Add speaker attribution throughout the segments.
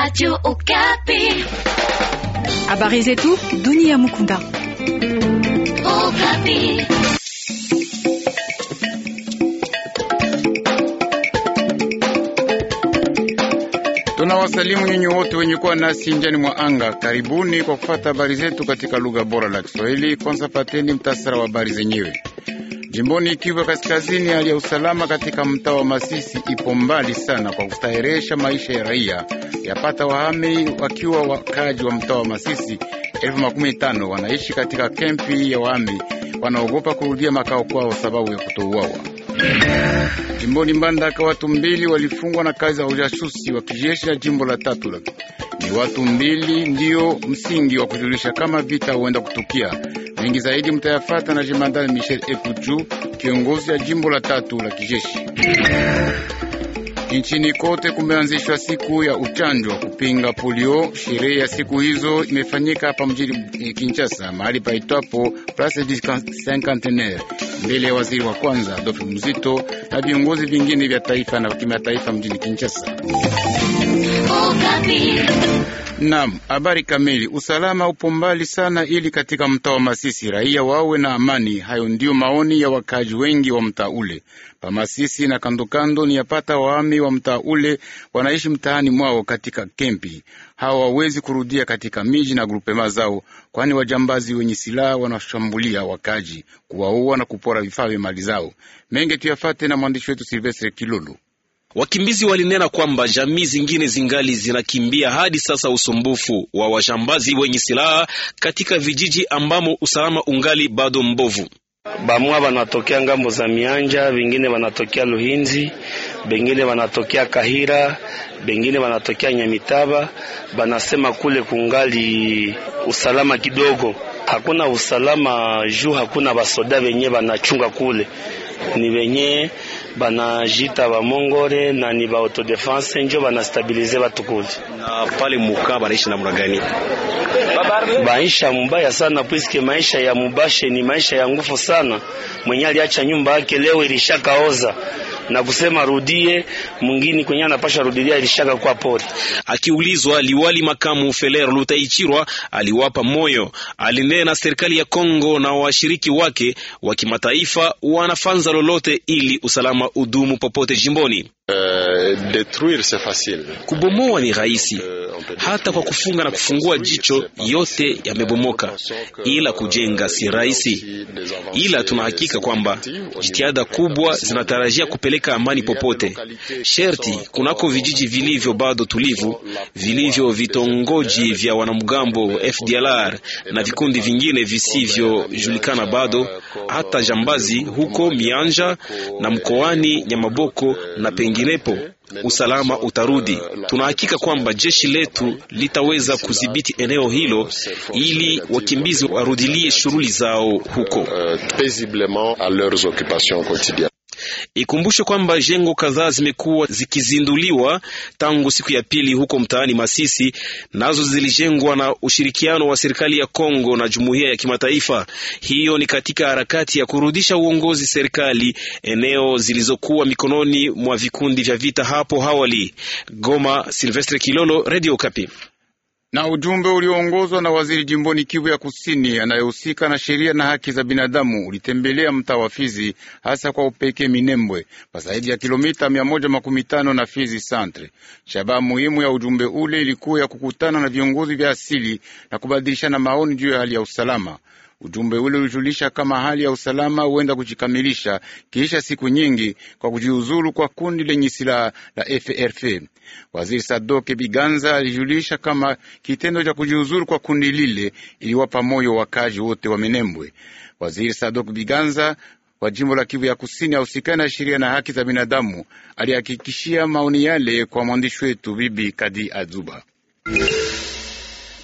Speaker 1: Radio Okapi.
Speaker 2: Habari zetu dunia mukunda. Okapi.
Speaker 3: Tunawasalimu nyinyi wote wenye kuwa nasi njani mwa anga. Karibuni kwa kufata habari zetu katika lugha bora la Kiswahili. Kwanza pateni mtasara wa habari zenyewe. Jimboni Kivu Kaskazini, hali ya usalama katika mtaa wa Masisi ipo mbali sana kwa kustaheresha maisha ya raia. Yapata wahami wakiwa wakaji wa mtaa wa Masisi elfu makumi tano wanaishi katika kempi ya wahami, wanaogopa kurudia makao kwao sababu ya kutouawa. Jimboni Mbandaka, watu mbili walifungwa na kazi za ujasusi wa kijeshi na jimbo la tatu ni watu mbili ndiyo msingi wa kujulisha kama vita huenda kutukia Mengi zaidi mtayafata na Jemandani Michel Ekuju, kiongozi ya jimbo la tatu la kijeshi. Nchini kote kumeanzishwa siku ya uchanjo wa kupinga polio. Sherehe ya siku hizo imefanyika hapa mjini Kinshasa, mahali paitwapo Place du Cinquantenaire, mbele ya waziri wa kwanza Adolphe Muzito na viongozi vingine vya taifa na kimataifa mjini Kinshasa. Naam, habari kamili. Usalama upo mbali sana, ili katika mtaa wa Masisi raia wawe na amani. Hayo ndiyo maoni ya wakaaji wengi wa mtaa ule pa Masisi na kandokando. Ni yapata waami wa mtaa ule wanaishi mtaani mwao katika kempi, hawa wawezi kurudia katika miji na grupema zao, kwani wajambazi wenye silaha wanashambulia wakaji, kuwaua na kupora vifaa vya mali zao. Mengi tuyafate na mwandishi wetu Silvestre Kilulu. Wakimbizi walinena kwamba jamii zingine zingali
Speaker 1: zinakimbia hadi sasa usumbufu wa wajambazi wenye silaha katika vijiji ambamo usalama ungali bado mbovu. Bamwa banatokea ngambo za mianja, vingine banatokea Luhinzi, bengine wanatokea Kahira, bengine wanatokea Nyamitaba. Banasema kule kungali usalama kidogo, hakuna usalama juu hakuna basoda venye banachunga kule, ni venye banajita bamongore na ni ba autodefense njo banastabilize batukuli. Na pale muka banaishi namna gani? Maisha mubaya sana, puisque maisha ya mubashe ni maisha ya ngufu sana. Mwenye aliacha nyumba yake leo ilishakaoza na kusema rudie mwingine kwenye anapasha rudilia ilishaka kwa pori. Akiulizwa, liwali makamu Feler Lutaichirwa aliwapa moyo, alinena na serikali ya Kongo na washiriki wake wa kimataifa wanafanza lolote ili usalama udumu popote jimboni. Euh, Kubomoa ni rahisi, euh, hata kwa kufunga na kufungua jicho yote yamebomoka, ila kujenga si rahisi. Ila tunahakika kwamba jitihada kubwa zinatarajia kupeleka amani popote, sherti kunako vijiji vilivyo bado tulivu, vilivyo vitongoji vya wanamgambo FDLR na vikundi vingine visivyojulikana bado, hata jambazi huko Mianja na mkoani Nyamaboko na pengine vinginepo usalama utarudi. Tunahakika kwamba jeshi letu litaweza kudhibiti eneo hilo ili wakimbizi warudilie shughuli zao huko. Euh, Ikumbushe kwamba jengo kadhaa zimekuwa zikizinduliwa tangu siku ya pili huko mtaani Masisi, nazo zilijengwa na ushirikiano wa serikali ya Kongo na jumuiya ya kimataifa. Hiyo ni katika harakati ya kurudisha uongozi serikali eneo zilizokuwa mikononi mwa vikundi vya vita hapo awali. Goma, Silvestre Kilolo, Radio Kapi
Speaker 3: na ujumbe ulioongozwa na waziri jimboni Kivu ya Kusini anayehusika na sheria na haki za binadamu ulitembelea mtaa wa Fizi, hasa kwa upekee Minembwe, kwa zaidi ya kilomita mia na Fizi Santre. Shabaha muhimu ya ujumbe ule ilikuwa ya kukutana na viongozi vya asili na kubadilishana maoni juu ya hali ya usalama. Ujumbe ule ulijulisha kama hali ya usalama huenda kujikamilisha kisha siku nyingi kwa kujiuzulu kwa kundi lenye silaha la FRF. Waziri Sadoke Biganza alijulisha kama kitendo cha kujiuzulu kwa kundi lile iliwapa moyo wakazi wote wa Minembwe. Waziri Sadoke Biganza wa jimbo la Kivu ya Kusini ahusikani na sheria na haki za binadamu alihakikishia maoni yale kwa mwandishi wetu Bibi Kadi Azuba.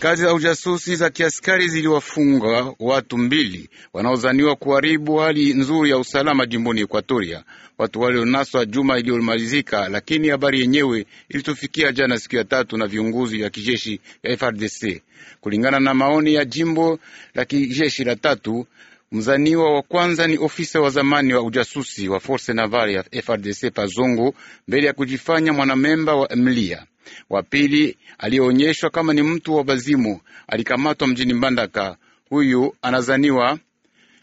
Speaker 3: Kazi za ujasusi za kiaskari ziliwafunga watu mbili wanaozaniwa kuharibu hali nzuri ya usalama jimboni Ekuatoria, watu walionaswa juma iliyomalizika, lakini habari yenyewe ilitufikia jana siku ya tatu na viongozi ya kijeshi ya FRDC. Kulingana na maoni ya jimbo la kijeshi la tatu, mzaniwa wa kwanza ni ofisa wa zamani wa ujasusi wa force navale ya FRDC Pazongo, mbele ya kujifanya mwanamemba wa mlia wa pili aliyeonyeshwa kama ni mtu wa bazimu alikamatwa mjini Mbandaka. Huyu anazaniwa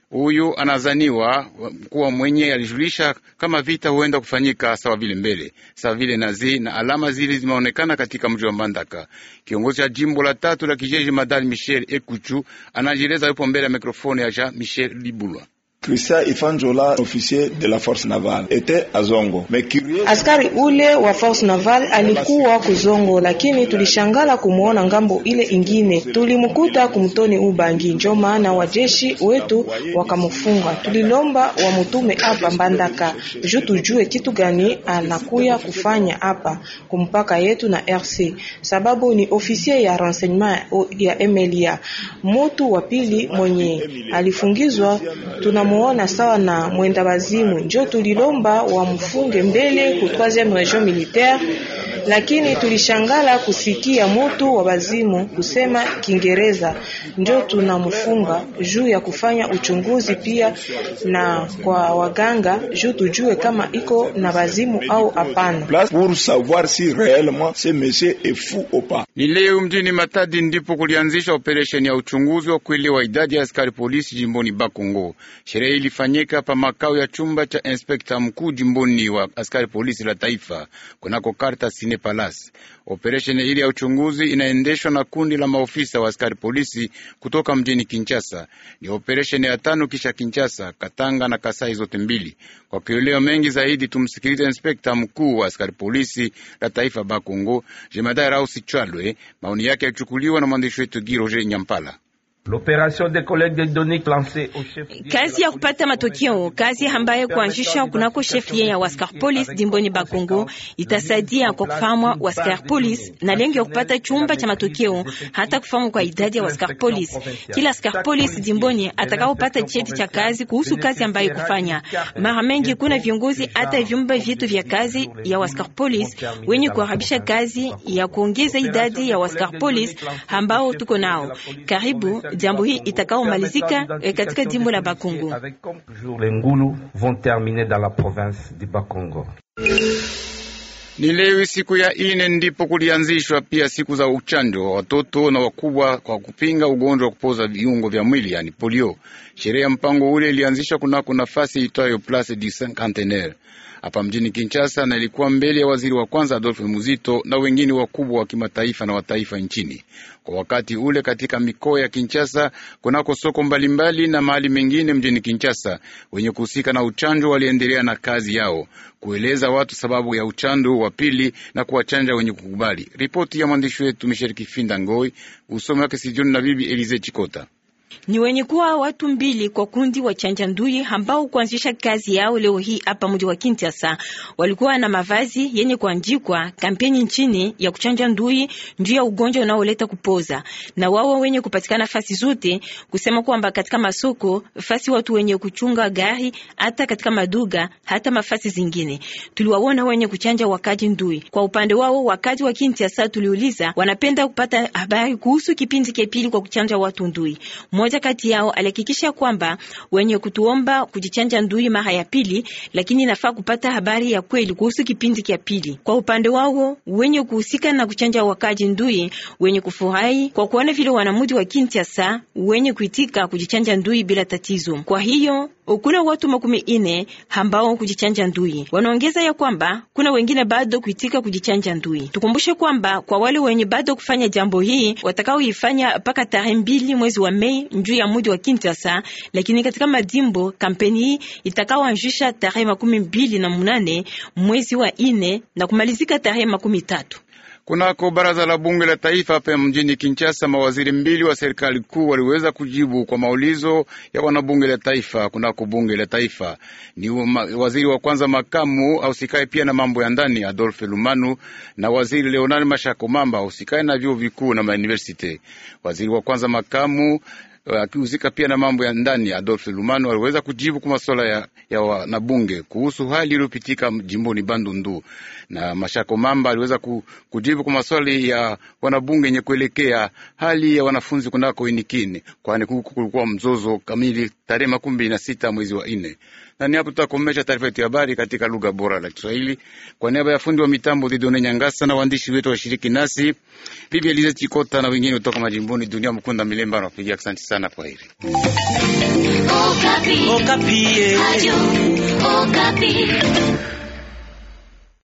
Speaker 3: huyu anazaniwa kuwa mwenye alijulisha kama vita huenda kufanyika sawa vile mbele sawa vile nazi na alama zili zimeonekana katika mji wa Mbandaka. Kiongozi cha jimbo la tatu la kijeshi madali Michel Ekuchu anajieleza yupo mbele ya mikrofoni ya Jean Michel Libulwa. Christian Ifanjola, officier de la force navale, était à Zongo.
Speaker 2: Askari ule wa force navale alikuwa kuzongo, lakini tulishangala kumwona ngambo ile ingine. Tulimkuta kumtoni Ubangi, njo maana wajeshi wetu wakamufunga. Tulilomba wamutume hapa Mbandaka ju tujue kitu gani anakuya kufanya hapa kumpaka yetu na RC, sababu ni ofisier ya renseignement ya mlia mutu wa pili mwenye alifungizwa tuna tunamuona sawa na mwenda bazimu njo tulilomba wamfunge mbele ku 3e region militaire lakini tulishangala kusikia mutu wa bazimu kusema Kingereza njo tunamfunga juu ya kufanya uchunguzi pia na kwa waganga juu tujue kama iko na bazimu au hapana.
Speaker 3: Ni leo mjini Matadi ndipo kulianzisha operesheni ya uchunguzi wa kweli wa idadi ya askari polisi jimboni Bakongo. Sherehe ilifanyika pa makao ya chumba cha inspekta mkuu jimboni wa askari polisi la taifa kunako karta sine mjini Palasi. Operesheni hili ya uchunguzi inaendeshwa na kundi la maofisa wa askari polisi kutoka mjini Kinshasa. Ni operesheni ya tano kisha Kinshasa, Katanga na Kasai zote mbili. Kwa kioleo mengi zaidi, tumsikilize inspekta mkuu wa askari polisi la taifa Bakongo, Jemadari Rausi Chwalwe. Maoni yake yachukuliwa na mwandishi wetu Giroje Nyampala.
Speaker 1: L'opération de données lancée au chef.
Speaker 2: Kazi ya kupata matokeo, kazi ambayo kuanzisha kunako shefie ya waskar police dimboni Bakongo itasaidia kwa kufahamu waskar police na lengo ya kupata chumba cha matokeo, hata kufahamu kwa idadi ya waskar police. Kila askar police dimboni atakapopata cheti cha kazi kuhusu kazi ambayo kufanya. Mara mengi kuna viongozi hata vyumba vyetu vya kazi ya waskar police wenye kuharibisha kazi ya kuongeza idadi ya waskar police ambao tuko nao karibu jambo hii itakaomalizika eh, katika jimbo la Bakongo.
Speaker 3: Ni leo siku ya ine ndipo kulianzishwa pia siku za uchanjo wa watoto na wakubwa kwa kupinga ugonjwa wa kupoza viungo vya mwili yani polio. Sherehe ya mpango ule ilianzishwa kunako nafasi itwayo Place du Cinquantenaire hapa mjini Kinshasa na ilikuwa mbele ya waziri wa kwanza Adolphe Muzito na wengine wakubwa wa kimataifa na wataifa nchini kwa wakati ule. Katika mikoa ya Kinshasa kunako soko mbalimbali na mahali mengine mjini Kinshasa, wenye kuhusika na uchanjo waliendelea na kazi yao kueleza watu sababu ya uchandu wa pili na kuwachanja wenye kukubali. Ripoti ya mwandishi wetu Misheri Kifinda Ngoi, usomi wake Sijoni na Bibi Elize Chikota
Speaker 2: ni wenye kuwa watu mbili kwa kundi wa chanja ndui ambao kuanzisha kazi yao leo hii hapa mji wa Kinshasa. Walikuwa na mavazi yenye kuandikwa kampeni nchini ya kuchanja ndui ndio ya ugonjwa unaoleta kupoza, na wao wenye kupatikana fasi zote, kusema kwamba katika masoko fasi, watu wenye kuchunga gari, hata katika maduga, hata mafasi zingine tuliwaona wenye kuchanja wakaji ndui. Kwa upande wao wakaji wa Kinshasa tuliuliza, wanapenda kupata habari kuhusu kipindi kipili kwa kuchanja watu ndui. Mmoja kati yao alihakikisha kwamba wenye kutuomba kujichanja ndui mara ya pili, lakini nafaa kupata habari ya kweli kuhusu kipindi cha pili. Kwa upande wao wenye kuhusika na kuchanja wakaji ndui wenye kufurahi kwa kuona vile wanamuji wa Kinshasa wenye kuitika kujichanja ndui bila tatizo. Kwa hiyo kuna watu makumi ine ambao kujichanja ndui. Wanaongeza ya kwamba kuna wengine bado kuitika kujichanja ndui. Tukumbushe kwamba kwa wale wenye bado kufanya jambo hii watakaoifanya mpaka tarehe mbili mwezi wa Mei njuu ya mji wa Kinshasa, lakini katika majimbo kampeni hii itakaoanzisha tarehe makumi mbili na munane mwezi wa ine na kumalizika tarehe makumi tatu.
Speaker 3: Kunako baraza la bunge la taifa hapa mjini Kinshasa, mawaziri mbili wa serikali kuu waliweza kujibu kwa maulizo ya wanabunge la taifa. Kunako bunge la taifa ni waziri wa kwanza makamu ausikae pia na mambo ya ndani Adolphe Lumanu na waziri Leonard Mashako Mamba ausikae na vyuo vikuu na mauniversite. Waziri wa kwanza makamu Eh, akihusika pia na mambo ya ndani ya Adolphe Lumano aliweza kujibu kwa masuala ya, ya wanabunge kuhusu hali iliyopitika jimboni Bandundu, na Mashako Mamba aliweza kujibu kwa maswali ya wanabunge yenye kuelekea hali ya wanafunzi kunako Inikini, kwani huku kulikuwa mzozo kamili tarehe makumi mbili na sita mwezi wa nne na ni hapo tutakomesha taarifa yetu ya habari katika lugha bora la Kiswahili. Kwa niaba ya fundi wa mitambo Didone Nyangasa na waandishi wetu washiriki nasi Bibi Elize Chikota na wengine kutoka majimboni Dunia Mkunda Milemba, anawapigia asante sana sana kwa hili.
Speaker 1: Okapi. Okapi. Eh.